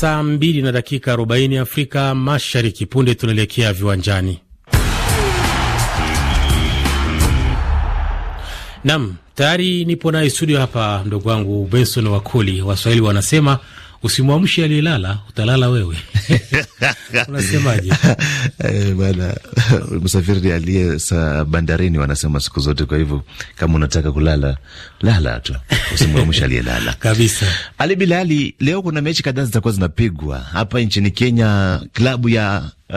saa 2 na dakika 40 Afrika Mashariki. Punde tunaelekea viwanjani. Nam, tayari nipo naye studio hapa, mdogo wangu Benson Wakoli. Waswahili wanasema usimwamshi aliyelala, utalala wewe. Unasemaje eh, bwana? Msafiri aliye saa bandarini, wanasema siku zote. Kwa hivyo kama unataka kulala, lala tu usimwamsha aliyelala kabisa. Ali Bilali, leo kuna mechi kadhaa zitakuwa zinapigwa hapa nchini Kenya. Klabu ya uh,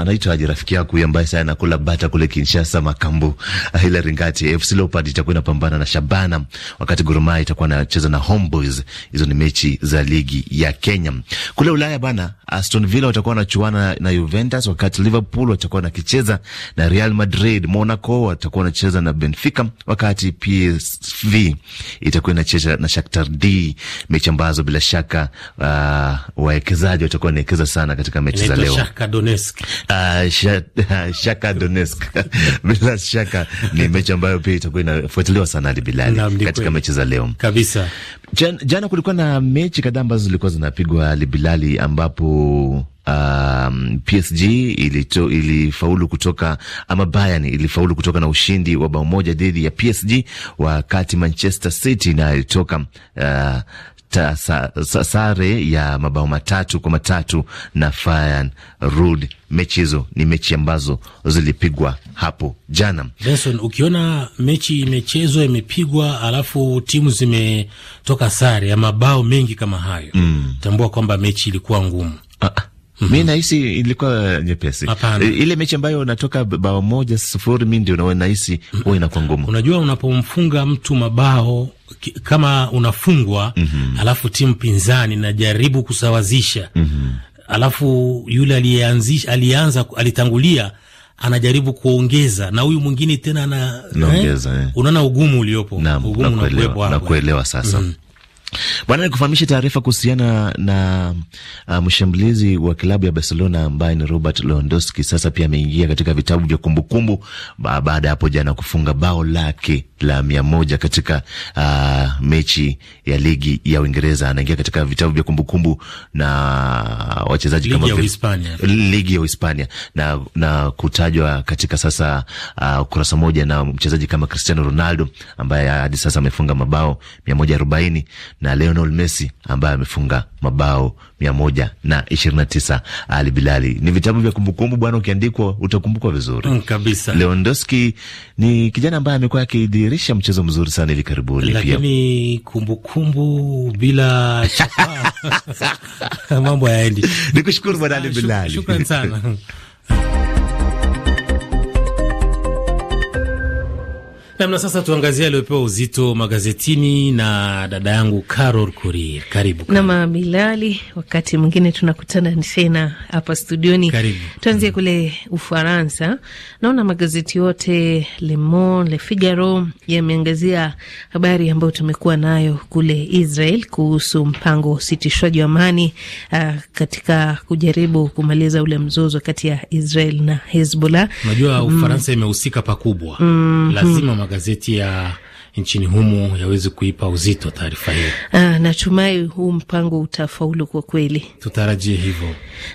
anaitwa aje rafiki yako huyu ambaye sana kula bata kule Kinshasa, Makambu uh, ile Ringati. FC Leopard itakuwa inapambana na Shabana, wakati Gor Mahia itakuwa inacheza na Homeboys. Hizo ni mechi za ligi ya Kenya. Kule Ulaya bana, Aston Villa watakuwa wanachuana na Juventus, wakati Liverpool watakuwa wanakicheza na Real Madrid. Monaco watakuwa wanacheza na Benfica, wakati PSV TV itakuwa inacheza na Shakhtar D, mechi ambazo bila shaka uh, wawekezaji watakuwa wanawekeza sana katika mechi za leo. Shakhtar Donetsk, uh, sha, Shaka Donetsk bila shaka ni mechi ambayo pia itakuwa inafuatiliwa sana hadi bilali katika mechi za leo kabisa. Jana, jana kulikuwa na mechi kadhaa ambazo zilikuwa zinapigwa hadi bilali ambapo um, PSG ilito, ilifaulu kutoka ama Bayern ilifaulu kutoka na ushindi wa bao moja dhidi ya PSG, wakati Manchester City na ilitoka uh, ta, sa, sa, sare ya mabao matatu kwa matatu na Feyenoord. Mechi hizo ni mechi ambazo zilipigwa hapo jana. Benson, ukiona mechi imechezwa imepigwa, alafu timu zimetoka sare ya mabao mengi kama hayo mm, tambua kwamba mechi ilikuwa ngumu ah. ah. Mm -hmm. Mi nahisi ilikuwa nyepesi Ile mechi ambayo unatoka bao moja sufuri, mi ndio nahisi huwa inakuwa ngumu. Unajua, unapomfunga mtu mabao kama unafungwa mm -hmm. alafu timu pinzani najaribu kusawazisha mm -hmm. alafu yule aliyeanzisha alianza alitangulia anajaribu kuongeza na huyu mwingine tena ana, eh? eh? Unaona ugumu uliopo, ugumu na kuelewa sasa mm -hmm. Bwana, nikufahamishe taarifa kuhusiana na na uh, mshambulizi wa klabu ya Barcelona ambaye ni Robert Lewandowski sasa pia ameingia katika vitabu vya kumbukumbu baada ya hapo jana kufunga bao lake la mia moja katika uh, mechi ya ligi ya Uingereza. Anaingia katika vitabu vya kumbukumbu na wachezaji kama vile ligi ya Uhispania na, na kutajwa katika sasa uh, ukurasa uh, moja na mchezaji kama Cristiano Ronaldo ambaye hadi sasa amefunga mabao mia moja arobaini na Lionel Messi ambaye amefunga mabao mia moja na ishirini na tisa. Ali Bilali, ni vitabu vya kumbukumbu bwana, ukiandikwa utakumbukwa vizuri mm, kabisa. Lewandowski ni kijana ambaye amekuwa akidhihirisha mchezo mzuri sana hivi karibuni, lakini kumbukumbu bila chapa mambo hayaendi. Nikushukuru bwana Ali ah, Bilali, shukran sana Namna sasa, tuangazie aliopewa uzito magazetini na dada yangu Carol Kurir. Karibu na Mabilali, wakati mwingine tunakutana tena hapa studioni. Tuanzie mm, kule Ufaransa. Naona magazeti yote Le Monde, Le Figaro yameangazia habari ambayo tumekuwa nayo kule Israel kuhusu mpango wa usitishwaji wa amani uh, katika kujaribu kumaliza ule mzozo kati ya Israel na Hezbollah. Najua mm. Ufaransa imehusika mm, pakubwa, mm-hmm. lazima mm -hmm magazeti ya nchini humo yaweze kuipa uzito taarifa hiyo. Ah, natumai huu mpango utafaulu kwa kweli, tutarajie hivyo.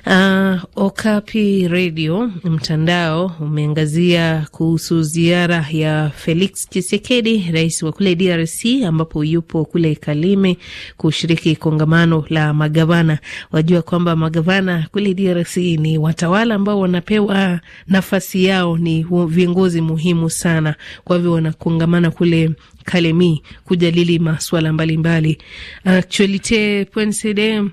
Ah, Okapi Radio mtandao umeangazia kuhusu ziara ya Felix Tshisekedi, rais wa kule DRC, ambapo yupo kule Kalime kushiriki kongamano la magavana. Wajua kwamba magavana kule DRC ni watawala ambao wanapewa nafasi yao, ni viongozi muhimu sana, kwa hivyo wanakongamana kule Kalemi kujadili masuala mbalimbali. Actualite.cd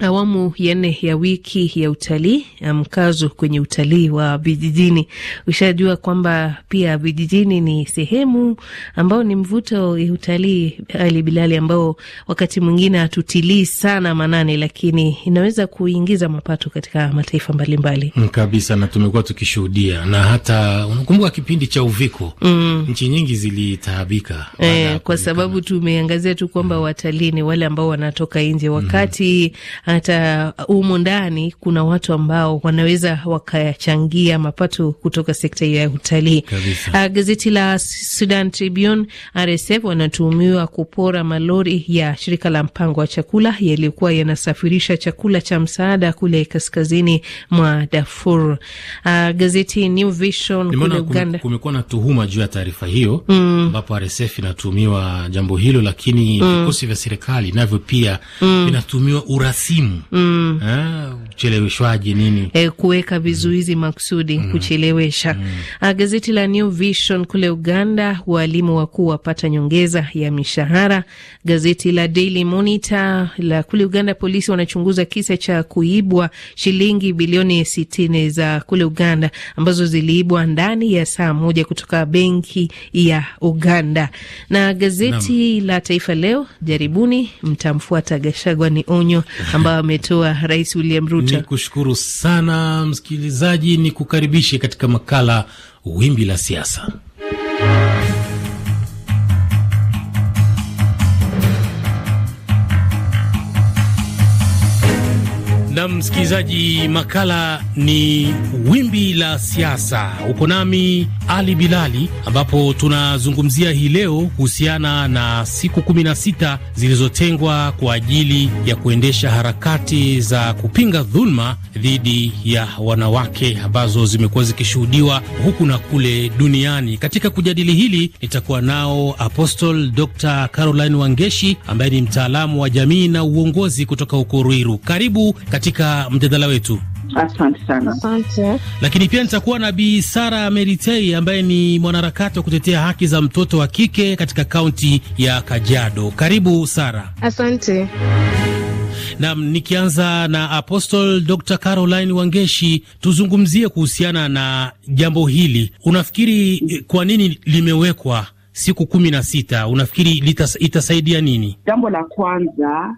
Awamu ya nne ya wiki ya utalii, um, mkazo kwenye utalii wa vijijini. Ushajua kwamba pia vijijini ni sehemu ambao ni mvuto ya utalii, Ali Bilali, ambao wakati mwingine hatutilii sana manane, lakini inaweza kuingiza mapato katika mataifa mbalimbali mbali. Mm, kabisa, na tumekuwa tukishuhudia na hata unakumbuka kipindi cha uviko mm. nchi nyingi zilitaabika e, kwa sababu tumeangazia tu kwamba mm. watalii ni wale ambao wanatoka nje wakati mm hata humo uh, ndani kuna watu ambao wanaweza wakayachangia mapato kutoka sekta hiyo ya utalii. Uh, gazeti la Sudan Tribune, RSF wanatuhumiwa kupora malori ya shirika la mpango wa chakula yaliyokuwa yanasafirisha chakula cha msaada kule kaskazini mwa Darfur. Uh, gazeti New Vision kule Uganda, kumekuwa na tuhuma juu ya taarifa hiyo mm. ambapo mm. RSF inatuhumiwa jambo hilo, lakini mm. vikosi mm. vya serikali navyo pia mm. vinatuhumiwa mm. urasi elimu mm. ha, ucheleweshwaji nini e, kuweka vizuizi mm. maksudi mm. kuchelewesha mm. Ah, gazeti la New Vision kule Uganda, waalimu wakuu wapata nyongeza ya mishahara. Gazeti la Daily Monitor la kule Uganda, polisi wanachunguza kisa cha kuibwa shilingi bilioni sitini za kule Uganda ambazo ziliibwa ndani ya saa moja kutoka benki ya Uganda. Na gazeti Nam. la Taifa Leo, jaribuni mtamfuata Gashagwa ni onyo ambayo ametoa Rais William Ruto. Ni kushukuru sana msikilizaji, ni kukaribishe katika makala Wimbi la Siasa. na msikilizaji, makala ni wimbi la siasa. Uko nami Ali Bilali, ambapo tunazungumzia hii leo kuhusiana na siku 16 zilizotengwa kwa ajili ya kuendesha harakati za kupinga dhuluma dhidi ya wanawake ambazo zimekuwa zikishuhudiwa huku na kule duniani. Katika kujadili hili, nitakuwa nao apostol Dr Caroline Wangeshi ambaye ni mtaalamu wa jamii na uongozi kutoka huko Ruiru. Karibu katika katika mjadala wetu. Asante sana. Asante. Lakini pia nitakuwa na Bi Sara Meritei ambaye ni mwanaharakati wa kutetea haki za mtoto wa kike katika kaunti ya Kajiado. Karibu Sara. Asante. Nam, nikianza na Apostle Dr. Caroline Wangeshi, tuzungumzie kuhusiana na jambo hili. Unafikiri eh, kwa nini limewekwa siku kumi na sita? Unafikiri itasaidia nini? Jambo la kwanza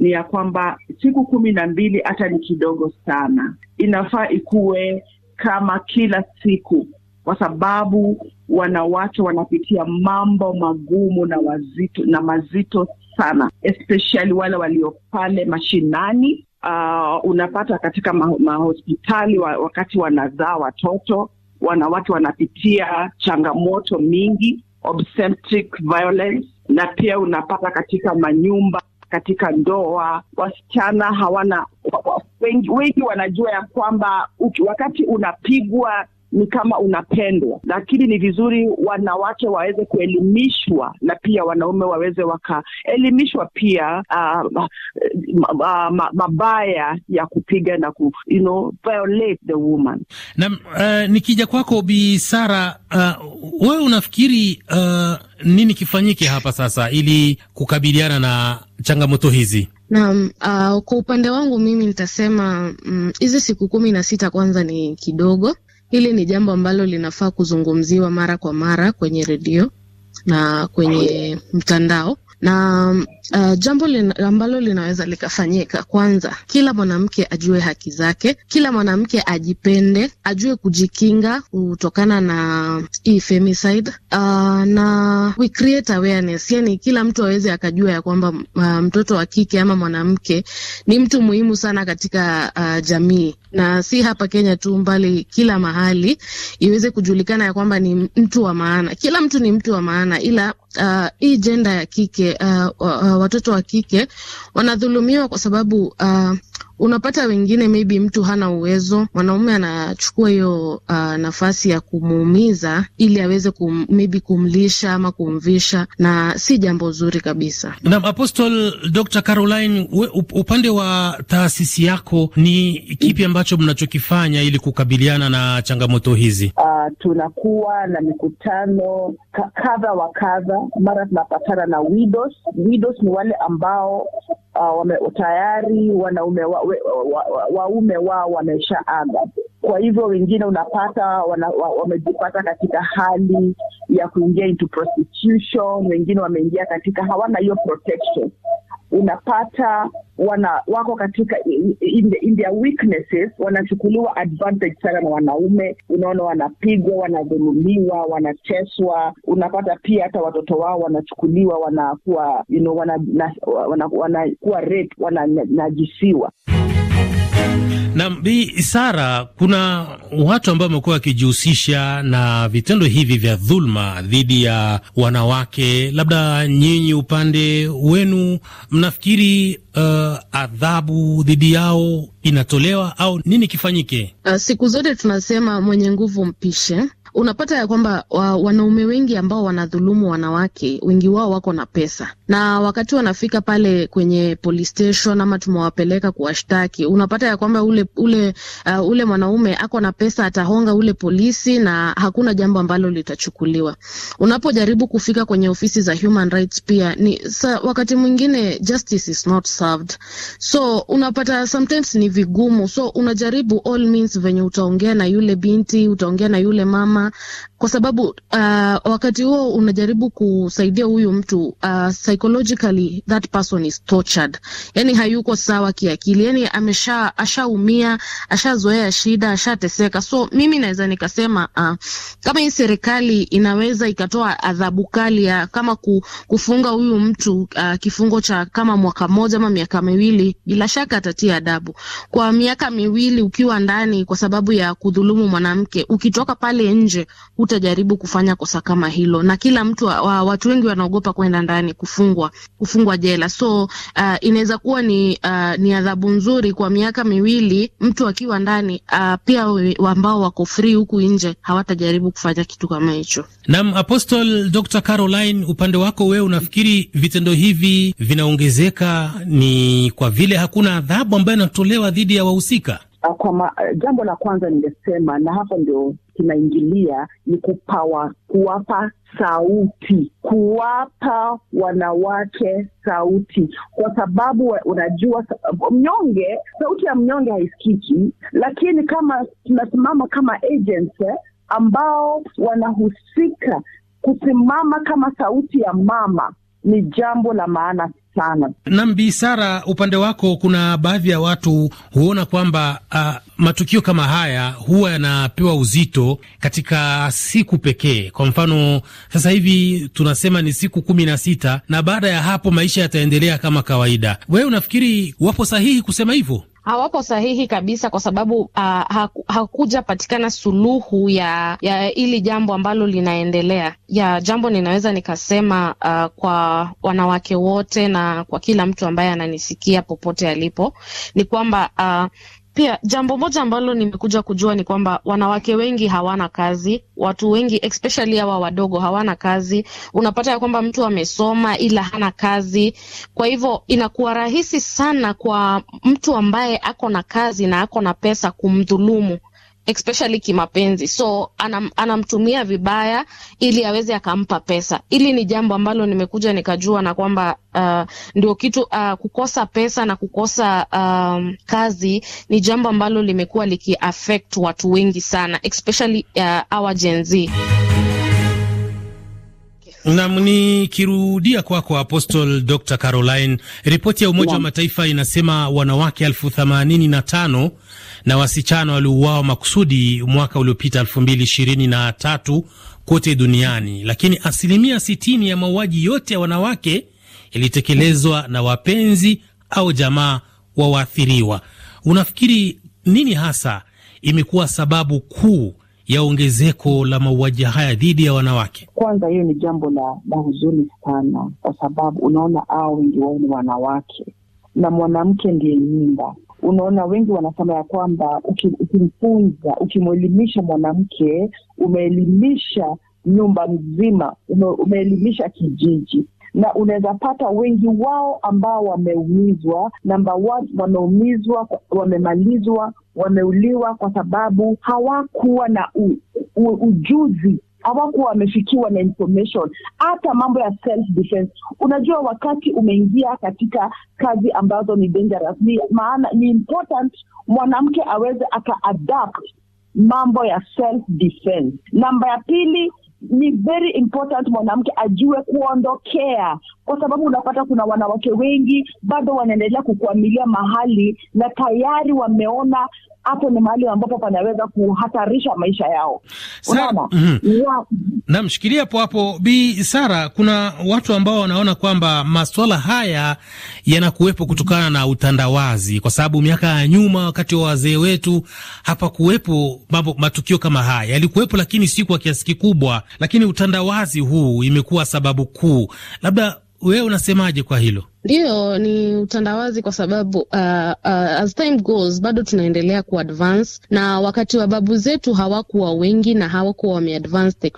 ni ya kwamba siku kumi na mbili hata ni kidogo sana, inafaa ikuwe kama kila siku, kwa sababu wanawake wanapitia mambo magumu na wazito na mazito sana, especially wale walio pale mashinani. Uh, unapata katika mahospitali ma wakati wanazaa watoto, wanawake wanapitia changamoto mingi obstetric violence, na pia unapata katika manyumba katika ndoa. Wasichana hawana wengi, wengi wanajua ya kwamba wakati unapigwa ni kama unapendwa, lakini ni vizuri wanawake waweze kuelimishwa na pia wanaume waweze wakaelimishwa pia uh, uh, mabaya ya kupiga na ku, you know, violate the woman. Na uh, nikija kwako Bi Sara, uh, wewe unafikiri uh, nini kifanyike hapa sasa ili kukabiliana na changamoto hizi? Naam, uh, kwa upande wangu mimi nitasema mm, hizi mm, siku kumi na sita kwanza ni kidogo Hili ni jambo ambalo linafaa kuzungumziwa mara kwa mara kwenye redio na kwenye mtandao na uh, jambo lina, ambalo linaweza likafanyika, kwanza, kila mwanamke ajue haki zake, kila mwanamke ajipende, ajue kujikinga kutokana na hii femicide uh, na we create awareness, yani kila mtu aweze akajua ya kwamba uh, mtoto wa kike ama mwanamke ni mtu muhimu sana katika uh, jamii na si hapa Kenya tu, mbali kila mahali, iweze kujulikana ya kwamba ni mtu wa maana. Kila mtu ni mtu wa maana, ila uh, hii jenda ya kike uh, uh, uh, watoto wa kike wanadhulumiwa kwa sababu uh, unapata wengine maybe mtu hana uwezo, mwanaume anachukua hiyo uh, nafasi ya kumuumiza ili aweze kum, maybe kumlisha ama kumvisha, na si jambo zuri kabisa. Naam, Apostle Dr. Caroline, we, upande wa taasisi yako ni kipi ambacho mnachokifanya ili kukabiliana na changamoto hizi? uh, tunakuwa na mikutano kadha wa kadha. Mara tunapatana na widows. Widows ni wale ambao uh, wame, tayari wanaume wa, wa, wa, waume wao wameshaaga. Kwa hivyo wengine unapata wamejipata wa, wamejipata katika hali ya kuingia into prostitution, wengine wameingia katika hawana hiyo protection unapata wana wako katika in, the, in their weaknesses wanachukuliwa advantage sana na wanaume unaona wanapigwa wanadhulumiwa wanateswa unapata pia hata watoto wao wanachukuliwa wanakuwa you know, wanakuwa wana, wana, wana, wana, wana, wana, wana, wana, na, na Bi Sara, kuna watu ambao wamekuwa wakijihusisha na vitendo hivi vya dhulma dhidi ya wanawake. Labda nyinyi upande wenu mnafikiri uh, adhabu dhidi yao inatolewa au nini kifanyike? Uh, siku zote tunasema mwenye nguvu mpishe unapata ya kwamba wa, wanaume wengi ambao wanadhulumu wanawake, wengi wao wako na pesa, na wakati wanafika pale kwenye police station ama tumewapeleka kuwashtaki, unapata ya kwamba ule ule uh, ule mwanaume ako na pesa, atahonga ule polisi na hakuna jambo ambalo litachukuliwa. Unapojaribu kufika kwenye ofisi za human rights pia ni sa, wakati mwingine justice is not served, so unapata sometimes ni vigumu, so unajaribu all means venye utaongea na yule binti, utaongea na yule mama mapema, kwa sababu uh, wakati huo unajaribu kusaidia huyu mtu uh, psychologically that person is tortured, yani hayuko sawa kiakili, yani amesha ashaumia, ashazoea shida, ashateseka. So mimi naweza nikasema uh, kama hii serikali inaweza ikatoa adhabu kali ya kama ku, kufunga huyu mtu uh, kifungo cha kama mwaka mmoja ama miaka miwili, bila shaka atatia adabu kwa miaka miwili ukiwa ndani kwa sababu ya kudhulumu mwanamke, ukitoka pale nje nje, hutajaribu kufanya kosa kama hilo, na kila mtu wa, watu wengi wanaogopa kwenda ndani, kufungwa kufungwa jela. So uh, inaweza kuwa ni, uh, ni adhabu nzuri kwa miaka miwili mtu akiwa ndani uh, pia ambao wako free huku nje hawatajaribu kufanya kitu kama hicho. Naam, Apostle Dr. Caroline, upande wako wewe unafikiri vitendo hivi vinaongezeka ni kwa vile hakuna adhabu ambayo inatolewa dhidi ya wahusika? Ah, kwa ma, eh, jambo la kwanza ningesema, na hapo ndio kinaingilia ni kupawa, kuwapa sauti, kuwapa wanawake sauti, kwa sababu unajua mnyonge, sauti ya mnyonge haisikiki, lakini kama tunasimama kama agents eh, ambao wanahusika kusimama kama sauti ya mama ni jambo la maana sana. Nam Bi Sara, upande wako kuna baadhi ya watu huona kwamba uh, matukio kama haya huwa yanapewa uzito katika siku pekee. Kwa mfano sasa hivi tunasema ni siku kumi na sita na baada ya hapo maisha yataendelea kama kawaida. Wewe unafikiri wapo sahihi kusema hivyo? hawapo sahihi kabisa, kwa sababu uh, hakujapatikana suluhu ya ya hili jambo ambalo linaendelea. Ya jambo ninaweza nikasema uh, kwa wanawake wote na kwa kila mtu ambaye ananisikia popote alipo ni kwamba uh, pia jambo moja ambalo nimekuja kujua ni kwamba wanawake wengi hawana kazi, watu wengi especially hawa wadogo hawana kazi. Unapata ya kwamba mtu amesoma ila hana kazi, kwa hivyo inakuwa rahisi sana kwa mtu ambaye ako na kazi na ako na pesa kumdhulumu especially kimapenzi, so anam, anamtumia vibaya ili aweze akampa pesa. Hili ni jambo ambalo nimekuja nikajua na kwamba uh, ndio kitu uh, kukosa pesa na kukosa um, kazi ni jambo ambalo limekuwa likiaffect watu wengi sana especially uh, our Gen Z. Nam, kirudia kwako kwa Apostol Dr Caroline, ripoti ya Umoja wa Mataifa inasema wanawake elfu themanini na tano na wasichana waliuawa makusudi mwaka uliopita elfu mbili ishirini na tatu kote duniani, lakini asilimia sitini ya mauaji yote ya wanawake yalitekelezwa na wapenzi au jamaa wa waathiriwa. Unafikiri nini hasa imekuwa sababu kuu ya ongezeko la mauaji haya dhidi ya wanawake? Kwanza hiyo ni jambo la, la huzuni sana, kwa sababu unaona hao wengi wao ni wanawake na mwanamke ndiye nyumba. Unaona, wengi wanasema ya kwamba ukimfunza, ukimwelimisha mwanamke, umeelimisha nyumba mzima, umeelimisha kijiji na unaweza pata wengi wao ambao wameumizwa, namba one, wameumizwa, wamemalizwa, wameuliwa kwa sababu hawakuwa na u, u, ujuzi hawakuwa wamefikiwa na information, hata mambo ya self defense. Unajua, wakati umeingia katika kazi ambazo ni dangerous, ni maana ni important mwanamke aweze akaadapt mambo ya self defense. Namba ya pili, ni very important mwanamke ajue kuondokea kwa sababu unapata kuna wanawake wengi bado wanaendelea kukuamilia mahali na tayari wameona hapo ni mahali ambapo panaweza kuhatarisha maisha yao. Unaona, mhm. namshikilia hapo hapo Bi Sara. Kuna watu ambao wanaona kwamba maswala haya yanakuwepo kutokana na utandawazi, kwa sababu miaka ya nyuma, wakati wa wazee wetu, hapakuwepo mambo matukio kama haya. Yalikuwepo, lakini si kwa kiasi kikubwa, lakini utandawazi huu imekuwa sababu kuu. Labda wewe unasemaje kwa hilo? ndio ni utandawazi kwa sababu uh, uh, as time goes bado tunaendelea kuadvance, na wakati wa babu zetu hawakuwa wengi na hawakuwa wameadvance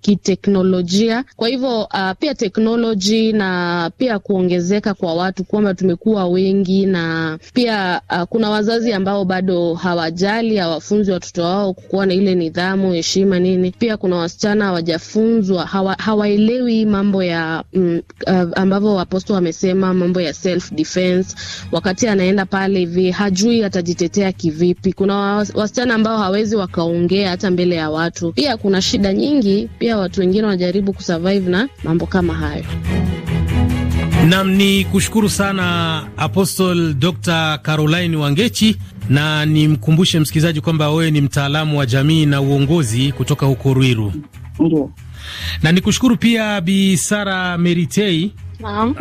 kiteknolojia. Kwa hivyo uh, pia teknoloji na pia kuongezeka kwa watu kwamba tumekuwa wengi, na pia uh, kuna wazazi ambao bado hawajali, hawafunzi watoto wao kukuwa na ile nidhamu, heshima, nini. Pia kuna wasichana hawajafunzwa, hawaelewi mambo ya mm, uh, ambavyo waposto wamesema anasema mambo ya self defense. Wakati anaenda pale hivi hajui atajitetea kivipi. Kuna wasichana ambao hawezi wakaongea hata mbele ya watu. Pia kuna shida nyingi, pia watu wengine wanajaribu kusurvive na mambo kama hayo. Nam ni kushukuru sana Apostle Dr Caroline Wangechi, na nimkumbushe msikilizaji kwamba wewe ni mtaalamu wa jamii na uongozi kutoka huko rwiru Ndiyo. Na nikushukuru pia bisara Meritei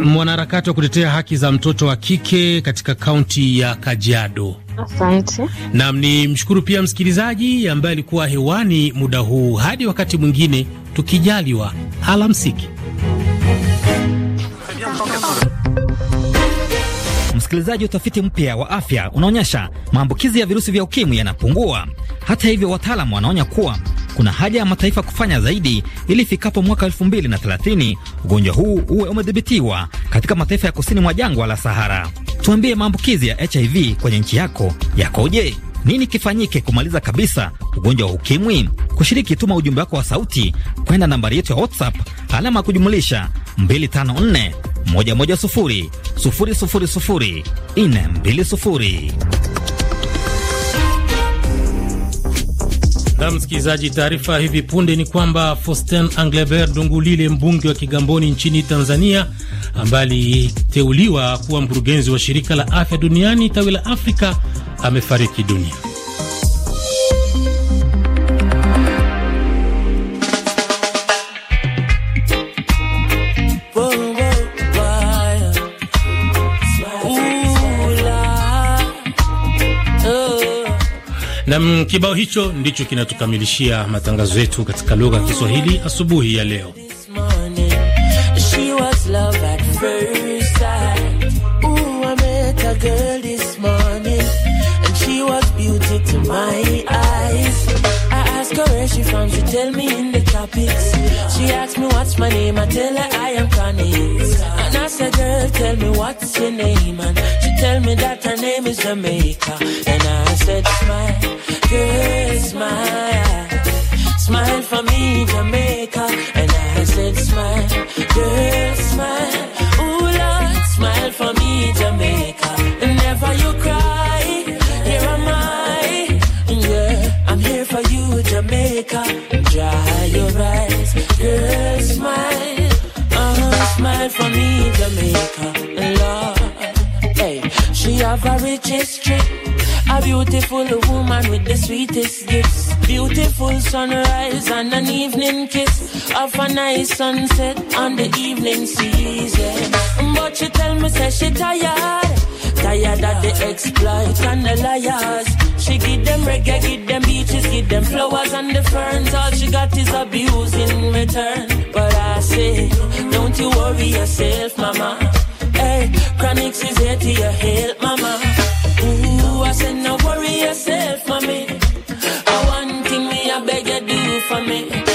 mwanaharakati wa kutetea haki za mtoto wa kike katika kaunti ya Kajiado. Asante. ni mshukuru pia msikilizaji ambaye alikuwa hewani muda huu. Hadi wakati mwingine, tukijaliwa. Alamsiki. Msikilizaji, utafiti mpya wa afya unaonyesha maambukizi ya virusi vya ukimwi yanapungua. Hata hivyo, wataalamu wanaonya kuwa kuna haja ya mataifa kufanya zaidi ili ifikapo mwaka 2030 ugonjwa huu uwe umedhibitiwa katika mataifa ya kusini mwa jangwa la Sahara. Tuambie, maambukizi ya HIV kwenye nchi yako yakoje? Nini kifanyike kumaliza kabisa ugonjwa wa ukimwi? Kushiriki, tuma ujumbe wako wa sauti kwenda nambari yetu ya WhatsApp alama ya kujumulisha 254 Na msikilizaji, taarifa hivi punde ni kwamba Faustin Anglebert Dungulile, mbunge wa Kigamboni nchini Tanzania, ambaye aliteuliwa kuwa mkurugenzi wa shirika la afya duniani tawi la Afrika, amefariki dunia. Nam, kibao hicho ndicho kinatukamilishia matangazo yetu katika lugha ya Kiswahili asubuhi ya leo. She found you, tell me in the topics. She asked me what's my name, I tell her I am Connie. And I said, girl, tell me what's your name. And she tell me that her name is Jamaica. And I said, smile, girl, smile. Smile for me, Jamaica. And I said, smile, girl, smile. Ooh, Lord, smile for me, Jamaica. Jamaica love. Hey, she have a rich history. A beautiful woman with the sweetest gifts. Beautiful sunrise and an evening kiss. Of a nice sunset on the evening season. But she tell me, say she tired. Tired of the exploit and the liars. She give them reggae, give them beaches, give them flowers and the ferns. All she got is abuse in return. But I say, don't you worry yourself, mama. Hey, Chronics is here to your help, mama. Ooh, I said, no worry yourself, mommy. I oh, one thing me, I beg you do for me.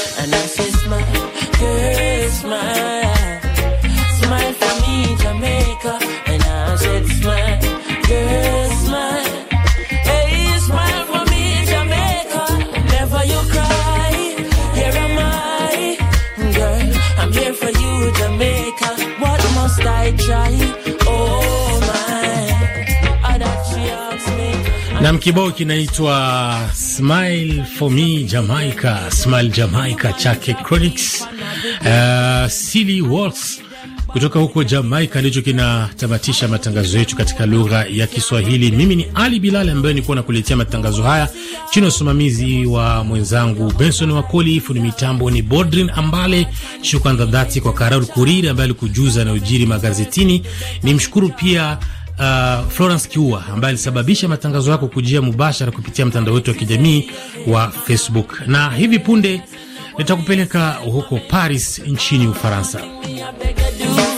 Nam kibao kinaitwa Smile for me Jamaica, Smile Jamaica chake Chronics. Uh, Silly Waltz kutoka huko Jamaica ndicho kinatamatisha matangazo yetu katika lugha ya Kiswahili. Mimi ni Ali Bilal ambaye nilikuwa nakuletea matangazo haya chini ya usimamizi wa mwenzangu Benson Wakoli. Fundi mitambo ni Bodrin Ambale. Shukrani za dhati kwa Karol Kuriri ambaye alikujuza na ujiri magazetini. Nimshukuru pia uh, Florence Kiua ambaye alisababisha matangazo yako kujia mubashara kupitia mtandao wetu wa kijamii wa Facebook, na hivi punde nitakupeleka huko Paris nchini Ufaransa.